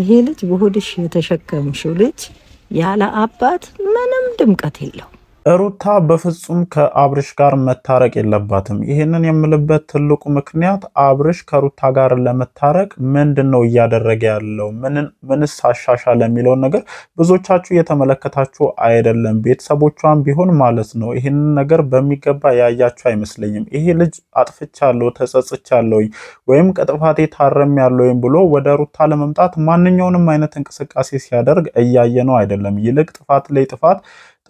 ይሄ ልጅ በሆድሽ የተሸከምሽው ልጅ ያለ አባት ምንም ድምቀት የለው። ሩታ በፍጹም ከአብርሽ ጋር መታረቅ የለባትም። ይህንን የምልበት ትልቁ ምክንያት አብርሽ ከሩታ ጋር ለመታረቅ ምንድን ነው እያደረገ ያለው ምንስ አሻሻለ የሚለውን ነገር ብዙዎቻችሁ የተመለከታችሁ አይደለም። ቤተሰቦቿን ቢሆን ማለት ነው ይህንን ነገር በሚገባ ያያችሁ አይመስለኝም። ይሄ ልጅ አጥፍቻለሁ፣ ተጸጽቻለሁ ወይም ከጥፋቴ ታረም ያለውኝ ብሎ ወደ ሩታ ለመምጣት ማንኛውንም አይነት እንቅስቃሴ ሲያደርግ እያየ ነው አይደለም። ይልቅ ጥፋት ላይ ጥፋት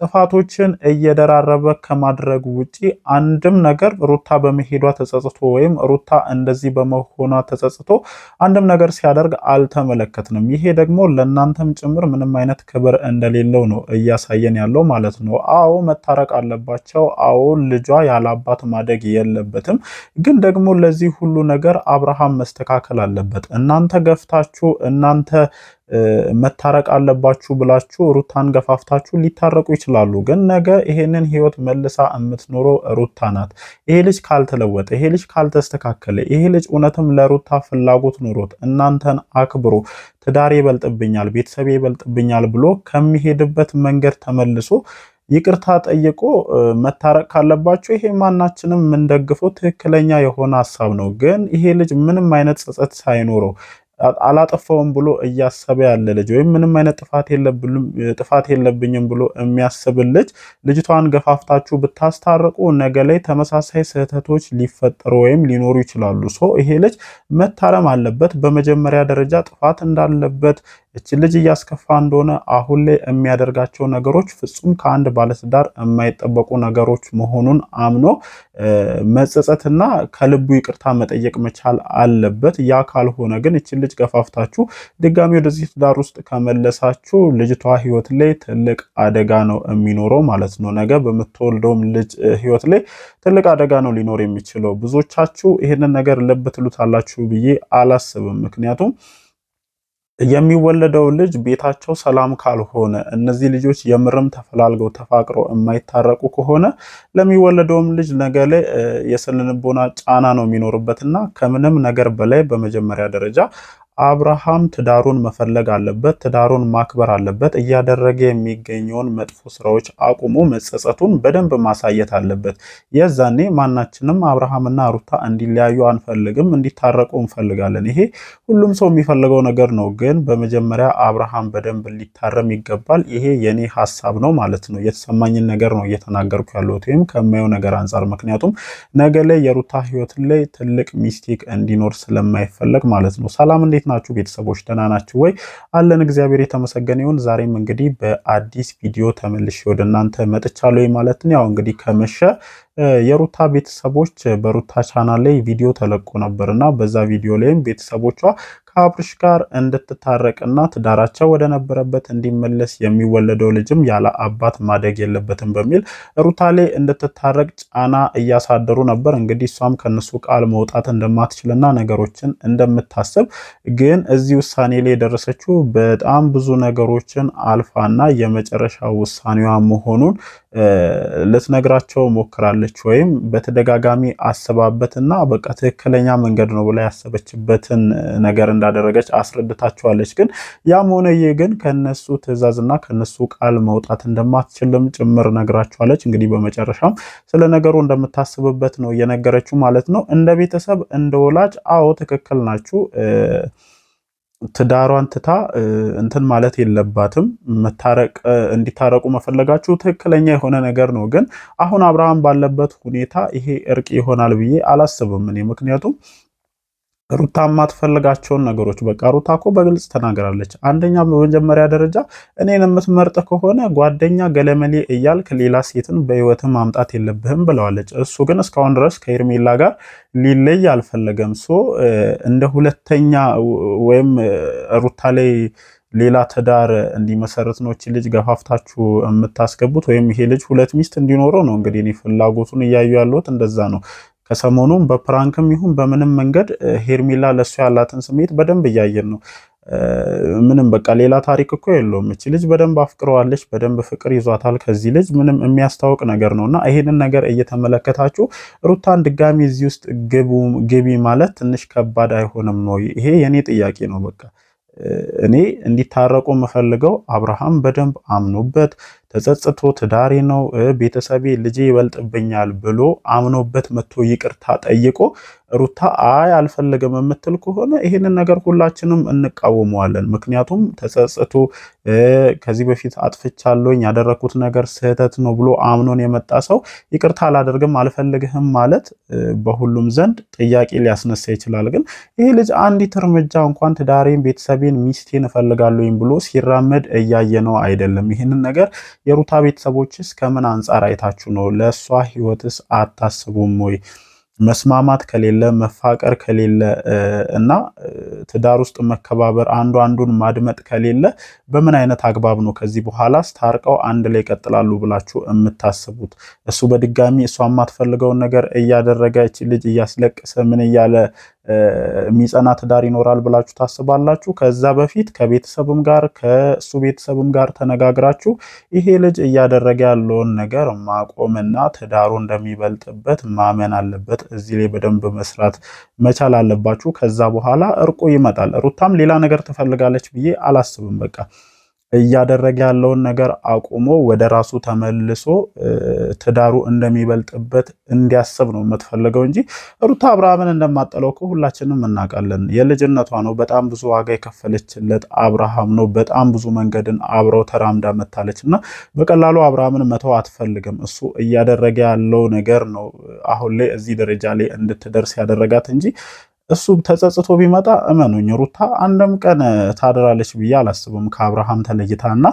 ጥፋቶችን እየደራረበ ከማድረግ ውጪ አንድም ነገር ሩታ በመሄዷ ተጸጽቶ ወይም ሩታ እንደዚህ በመሆኗ ተጸጽቶ አንድም ነገር ሲያደርግ አልተመለከትንም። ይሄ ደግሞ ለእናንተም ጭምር ምንም አይነት ክብር እንደሌለው ነው እያሳየን ያለው ማለት ነው። አዎ መታረቅ አለባቸው። አዎ ልጇ ያላባት ማደግ የለበትም። ግን ደግሞ ለዚህ ሁሉ ነገር አብርሃም መስተካከል አለበት። እናንተ ገፍታችሁ እናንተ መታረቅ አለባችሁ ብላችሁ ሩታን ገፋፍታችሁ ሊታረቁ ይችላሉ። ግን ነገ ይሄንን ህይወት መልሳ የምትኖረው ሩታ ናት። ይሄ ልጅ ካልተለወጠ፣ ይሄ ልጅ ካልተስተካከለ፣ ይሄ ልጅ እውነትም ለሩታ ፍላጎት ኑሮት እናንተን አክብሮ ትዳር ይበልጥብኛል፣ ቤተሰብ ይበልጥብኛል ብሎ ከሚሄድበት መንገድ ተመልሶ ይቅርታ ጠይቆ መታረቅ ካለባቸው ይሄ ማናችንም የምንደግፈው ትክክለኛ የሆነ ሀሳብ ነው። ግን ይሄ ልጅ ምንም አይነት ጸጸት ሳይኖረው አላጠፋውም ብሎ እያሰበ ያለ ልጅ ወይም ምንም አይነት ጥፋት የለብኝም ብሎ የሚያስብ ልጅ ልጅቷን ገፋፍታችሁ ብታስታርቁ ነገ ላይ ተመሳሳይ ስህተቶች ሊፈጠሩ ወይም ሊኖሩ ይችላሉ። ሶ ይሄ ልጅ መታረም አለበት። በመጀመሪያ ደረጃ ጥፋት እንዳለበት እችን ልጅ እያስከፋ እንደሆነ አሁን ላይ የሚያደርጋቸው ነገሮች ፍጹም ከአንድ ባለትዳር የማይጠበቁ ነገሮች መሆኑን አምኖ መጸጸትና ከልቡ ይቅርታ መጠየቅ መቻል አለበት። ያ ካልሆነ ግን እችን ልጅ ገፋፍታችሁ ድጋሚ ወደዚህ ትዳር ውስጥ ከመለሳችሁ ልጅቷ ሕይወት ላይ ትልቅ አደጋ ነው የሚኖረው ማለት ነው። ነገ በምትወልደውም ልጅ ሕይወት ላይ ትልቅ አደጋ ነው ሊኖር የሚችለው። ብዙዎቻችሁ ይህንን ነገር ልብ ትሉታላችሁ ብዬ አላስብም። ምክንያቱም የሚወለደው ልጅ ቤታቸው ሰላም ካልሆነ እነዚህ ልጆች የምርም ተፈላልገው ተፋቅረው የማይታረቁ ከሆነ ለሚወለደውም ልጅ ነገ ላይ የስነ ልቦና ጫና ነው የሚኖርበትና ከምንም ነገር በላይ በመጀመሪያ ደረጃ አብርሃም ትዳሩን መፈለግ አለበት፣ ትዳሩን ማክበር አለበት። እያደረገ የሚገኘውን መጥፎ ስራዎች አቁሞ መጸጸቱን በደንብ ማሳየት አለበት። የዛኔ ማናችንም አብርሃምና ሩታ እንዲለያዩ አንፈልግም፣ እንዲታረቁ እንፈልጋለን። ይሄ ሁሉም ሰው የሚፈልገው ነገር ነው። ግን በመጀመሪያ አብርሃም በደንብ ሊታረም ይገባል። ይሄ የኔ ሀሳብ ነው ማለት ነው። የተሰማኝን ነገር ነው እየተናገርኩ ያለሁት ወይም ከማየው ነገር አንጻር፣ ምክንያቱም ነገ ላይ የሩታ ህይወት ላይ ትልቅ ሚስቴክ እንዲኖር ስለማይፈለግ ማለት ነው። ሰላም እንዴት ናችሁ ቤተሰቦች? ደህና ናችሁ ወይ? አለን እግዚአብሔር የተመሰገነ ይሁን። ዛሬም እንግዲህ በአዲስ ቪዲዮ ተመልሼ ወደ እናንተ መጥቻለሁ ማለት ነው። ያው እንግዲህ ከመሸ የሩታ ቤተሰቦች በሩታ ቻናል ላይ ቪዲዮ ተለቆ ነበር እና በዛ ቪዲዮ ላይም ቤተሰቦቿ ከአብርሽ ጋር እንድትታረቅና ትዳራቸው ወደ ነበረበት እንዲመለስ የሚወለደው ልጅም ያለ አባት ማደግ የለበትም በሚል ሩታሌ እንድትታረቅ ጫና እያሳደሩ ነበር። እንግዲህ እሷም ከነሱ ቃል መውጣት እንደማትችልና ነገሮችን እንደምታስብ ግን እዚህ ውሳኔ ላይ የደረሰችው በጣም ብዙ ነገሮችን አልፋና የመጨረሻ ውሳኔዋ መሆኑን ልትነግራቸው ሞክራለች። ወይም በተደጋጋሚ አስባበትና በቃ ትክክለኛ መንገድ ነው ብላ ያሰበችበትን ነገር እንዳ እንዳደረገች አስረድታችኋለች። ግን ያም ሆነ ይህ ግን ከነሱ ትዕዛዝና ከነሱ ቃል መውጣት እንደማትችልም ጭምር ነግራችኋለች። እንግዲህ በመጨረሻም ስለ ነገሩ እንደምታስብበት ነው እየነገረችው ማለት ነው። እንደ ቤተሰብ እንደ ወላጅ አዎ ትክክል ናችሁ። ትዳሯን ትታ እንትን ማለት የለባትም። መታረቅ እንዲታረቁ መፈለጋችሁ ትክክለኛ የሆነ ነገር ነው። ግን አሁን አብርሃም ባለበት ሁኔታ ይሄ እርቅ ይሆናል ብዬ አላስብም እኔ ምክንያቱም ሩታ የማትፈልጋቸውን ነገሮች በቃ ሩታ እኮ በግልጽ ተናግራለች። አንደኛ በመጀመሪያ ደረጃ እኔን የምትመርጥ ከሆነ ጓደኛ ገለመሌ እያልክ ሌላ ሴትን በህይወት ማምጣት የለብህም ብለዋለች። እሱ ግን እስካሁን ድረስ ከኤርሜላ ጋር ሊለይ አልፈለገም። ሶ እንደ ሁለተኛ ወይም ሩታ ላይ ሌላ ትዳር እንዲመሰረት ነው እቺ ልጅ ገፋፍታችሁ የምታስገቡት፣ ወይም ይሄ ልጅ ሁለት ሚስት እንዲኖረው ነው እንግዲህ እኔ ፍላጎቱን እያዩ ያለሁት እንደዛ ነው። ከሰሞኑም በፕራንክም ይሁን በምንም መንገድ ሄርሚላ ለእሱ ያላትን ስሜት በደንብ እያየን ነው። ምንም በቃ ሌላ ታሪክ እኮ የለውም። እቺ ልጅ በደንብ አፍቅረዋለች፣ በደንብ ፍቅር ይዟታል ከዚህ ልጅ ምንም የሚያስታውቅ ነገር ነው። እና ይሄንን ነገር እየተመለከታችሁ ሩታን ድጋሚ እዚህ ውስጥ ግቢ ማለት ትንሽ ከባድ አይሆንም ነው? ይሄ የኔ ጥያቄ ነው። በቃ እኔ እንዲታረቁ የምፈልገው አብርሃም በደንብ አምኖበት ተጸጽቶ ትዳሬ ነው ቤተሰቤ ልጄ ይበልጥብኛል ብሎ አምኖበት መጥቶ ይቅርታ ጠይቆ ሩታ አይ አልፈለገም የምትል ከሆነ ይህንን ነገር ሁላችንም እንቃወመዋለን። ምክንያቱም ተጸጽቶ ከዚህ በፊት አጥፍቻለሁኝ ያደረኩት ነገር ስህተት ነው ብሎ አምኖን የመጣ ሰው ይቅርታ አላደርግም አልፈልግህም ማለት በሁሉም ዘንድ ጥያቄ ሊያስነሳ ይችላል። ግን ይህ ልጅ አንዲት እርምጃ እንኳን ትዳሬን፣ ቤተሰቤን፣ ሚስቴን እፈልጋለሁኝ ብሎ ሲራመድ እያየ ነው አይደለም ይህንን ነገር የሩታ ቤተሰቦችስ ከምን አንጻር አይታችሁ ነው? ለእሷ ህይወትስ አታስቡም ወይ? መስማማት ከሌለ መፋቀር ከሌለ እና ትዳር ውስጥ መከባበር አንዱ አንዱን ማድመጥ ከሌለ በምን አይነት አግባብ ነው ከዚህ በኋላ ታርቀው አንድ ላይ ይቀጥላሉ ብላችሁ የምታስቡት? እሱ በድጋሚ እሷ የማትፈልገውን ነገር እያደረገች ልጅ እያስለቀሰ ምን እያለ የሚጸና ትዳር ይኖራል ብላችሁ ታስባላችሁ? ከዛ በፊት ከቤተሰብም ጋር ከእሱ ቤተሰብም ጋር ተነጋግራችሁ ይሄ ልጅ እያደረገ ያለውን ነገር ማቆምና ትዳሩ እንደሚበልጥበት ማመን አለበት። እዚህ ላይ በደንብ መስራት መቻል አለባችሁ። ከዛ በኋላ እርቁ ይመጣል። ሩታም ሌላ ነገር ትፈልጋለች ብዬ አላስብም። በቃ እያደረገ ያለውን ነገር አቁሞ ወደ ራሱ ተመልሶ ትዳሩ እንደሚበልጥበት እንዲያስብ ነው የምትፈልገው እንጂ ሩታ አብርሃምን እንደማጠለው እኮ ሁላችንም እናውቃለን። የልጅነቷ ነው። በጣም ብዙ ዋጋ የከፈለችለት አብርሃም ነው። በጣም ብዙ መንገድን አብረው ተራምዳ መታለች እና በቀላሉ አብርሃምን መተው አትፈልግም። እሱ እያደረገ ያለው ነገር ነው አሁን ላይ እዚህ ደረጃ ላይ እንድትደርስ ያደረጋት እንጂ እሱ ተጸጽቶ ቢመጣ እመኑኝ ሩታ አንድም ቀን ታድራለች ብዬ አላስብም ከአብርሃም ተለይታ እና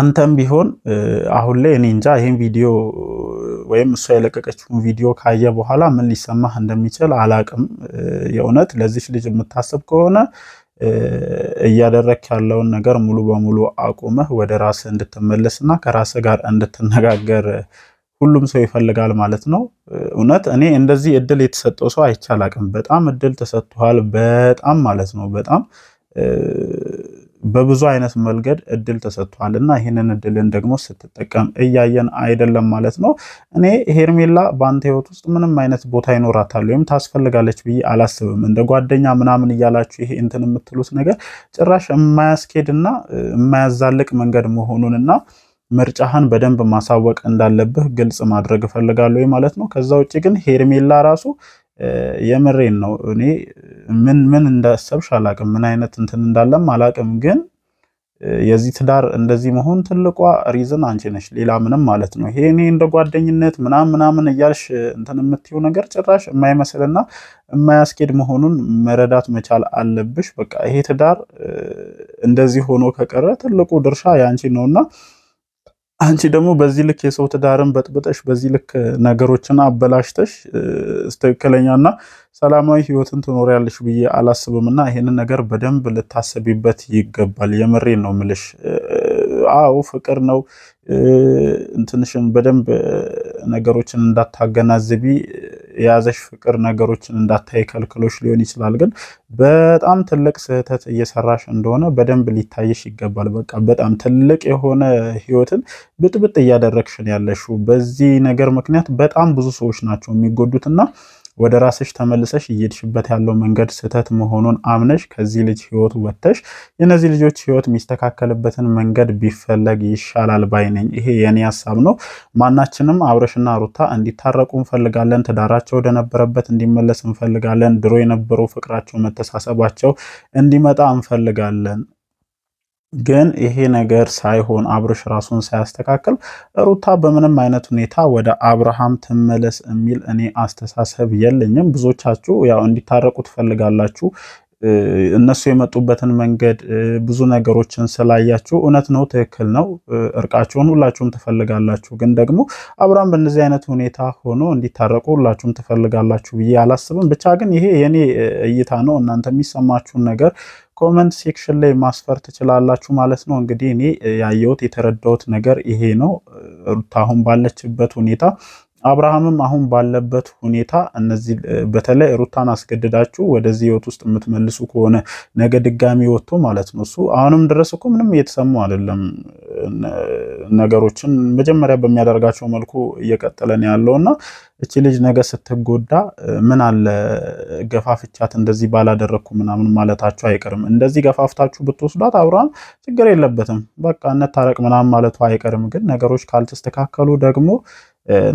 አንተም ቢሆን አሁን ላይ እኔ እንጃ ይህን ቪዲዮ ወይም እሷ የለቀቀችውን ቪዲዮ ካየ በኋላ ምን ሊሰማህ እንደሚችል አላቅም። የእውነት ለዚች ልጅ የምታስብ ከሆነ እያደረክ ያለውን ነገር ሙሉ በሙሉ አቁመህ ወደ ራስህ እና ከራስህ ጋር እንድትነጋገር ሁሉም ሰው ይፈልጋል ማለት ነው። እውነት እኔ እንደዚህ እድል የተሰጠው ሰው አይቻላቅም በጣም እድል ተሰጥቷል። በጣም ማለት ነው በጣም በብዙ አይነት መልገድ እድል ተሰጥቷል እና ይህንን እድልን ደግሞ ስትጠቀም እያየን አይደለም ማለት ነው። እኔ ሄርሜላ በአንተ ህይወት ውስጥ ምንም አይነት ቦታ ይኖራታል ወይም ታስፈልጋለች ብዬ አላስብም። እንደ ጓደኛ ምናምን እያላችሁ ይሄ እንትን የምትሉት ነገር ጭራሽ የማያስኬድና የማያዛልቅ መንገድ መሆኑን እና ምርጫህን በደንብ ማሳወቅ እንዳለብህ ግልጽ ማድረግ እፈልጋለሁ ማለት ነው። ከዛ ውጭ ግን ሄርሜላ ራሱ የምሬን ነው እኔ ምን ምን እንዳሰብሽ አላቅም፣ ምን አይነት እንትን እንዳለም አላቅም። ግን የዚህ ትዳር እንደዚህ መሆን ትልቋ ሪዝን አንቺ ነሽ፣ ሌላ ምንም ማለት ነው። ይሄ እኔ እንደ ጓደኝነት ምናምን ምናምን እያልሽ እንትን የምትይው ነገር ጭራሽ የማይመስልና የማያስኬድ መሆኑን መረዳት መቻል አለብሽ። በቃ ይሄ ትዳር እንደዚህ ሆኖ ከቀረ ትልቁ ድርሻ የአንቺ ነውና አንቺ ደግሞ በዚህ ልክ የሰው ትዳርን በጥብጠሽ በዚህ ልክ ነገሮችን አበላሽተሽ ትክክለኛና ሰላማዊ ህይወትን ትኖሪያለሽ ብዬ አላስብም እና ይሄንን ነገር በደንብ ልታሰቢበት ይገባል። የምሬን ነው ምልሽ። አዎ ፍቅር ነው። እንትንሽን በደንብ ነገሮችን እንዳታገናዝቢ የያዘሽ ፍቅር ነገሮችን እንዳታይ ከልክሎች ሊሆን ይችላል። ግን በጣም ትልቅ ስህተት እየሰራሽ እንደሆነ በደንብ ሊታየሽ ይገባል። በቃ በጣም ትልቅ የሆነ ህይወትን ብጥብጥ እያደረግሽን ያለሽው በዚህ ነገር ምክንያት በጣም ብዙ ሰዎች ናቸው የሚጎዱትና ወደ ራስሽ ተመልሰሽ እየሄድሽበት ያለው መንገድ ስህተት መሆኑን አምነሽ ከዚህ ልጅ ህይወት ወጥተሽ የእነዚህ ልጆች ህይወት የሚስተካከልበትን መንገድ ቢፈለግ ይሻላል ባይ ነኝ። ይሄ የኔ ሀሳብ ነው። ማናችንም አብረሽና ሩታ እንዲታረቁ እንፈልጋለን። ትዳራቸው ወደነበረበት እንዲመለስ እንፈልጋለን። ድሮ የነበረው ፍቅራቸው፣ መተሳሰባቸው እንዲመጣ እንፈልጋለን። ግን ይሄ ነገር ሳይሆን አብርሽ ራሱን ሳያስተካክል ሩታ በምንም አይነት ሁኔታ ወደ አብርሃም ትመለስ የሚል እኔ አስተሳሰብ የለኝም። ብዙዎቻችሁ ያው እንዲታረቁ ትፈልጋላችሁ። እነሱ የመጡበትን መንገድ ብዙ ነገሮችን ስላያችሁ እውነት ነው፣ ትክክል ነው። እርቃቸውን ሁላችሁም ትፈልጋላችሁ። ግን ደግሞ አብርሃም በእነዚህ አይነት ሁኔታ ሆኖ እንዲታረቁ ሁላችሁም ትፈልጋላችሁ ብዬ አላስብም። ብቻ ግን ይሄ የኔ እይታ ነው። እናንተ የሚሰማችሁን ነገር ኮመንት ሴክሽን ላይ ማስፈር ትችላላችሁ ማለት ነው። እንግዲህ እኔ ያየሁት የተረዳሁት ነገር ይሄ ነው። ሩታ አሁን ባለችበት ሁኔታ አብርሃምም አሁን ባለበት ሁኔታ እነዚህ በተለይ ሩታን አስገድዳችሁ ወደዚህ ህይወት ውስጥ የምትመልሱ ከሆነ ነገ ድጋሚ ወጥቶ ማለት ነው እሱ አሁንም ድረስ እኮ ምንም እየተሰሙ አይደለም። ነገሮችን መጀመሪያ በሚያደርጋቸው መልኩ እየቀጠለ ነው ያለው እና እቺ ልጅ ነገ ስትጎዳ ምን አለ ገፋፍቻት እንደዚህ ባላደረግኩ ምናምን ማለታችሁ አይቀርም። እንደዚህ ገፋፍታችሁ ብትወስዷት አብርሃም ችግር የለበትም በቃ እንታረቅ ምናምን ማለቱ አይቀርም። ግን ነገሮች ካልተስተካከሉ ደግሞ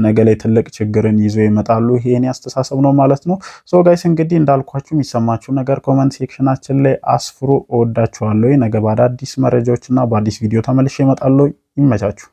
ነገ ላይ ትልቅ ችግርን ይዞ ይመጣሉ። ይሄ የኔ አስተሳሰብ ነው ማለት ነው። ሶ ጋይስ እንግዲህ እንዳልኳችሁ የሚሰማችሁ ነገር ኮመንት ሴክሽናችን ላይ አስፍሩ። እወዳችኋለሁ። ነገ በአዳዲስ እና በአዲስ ቪዲዮ ተመልሼ እመጣለሁ። ይመቻችሁ።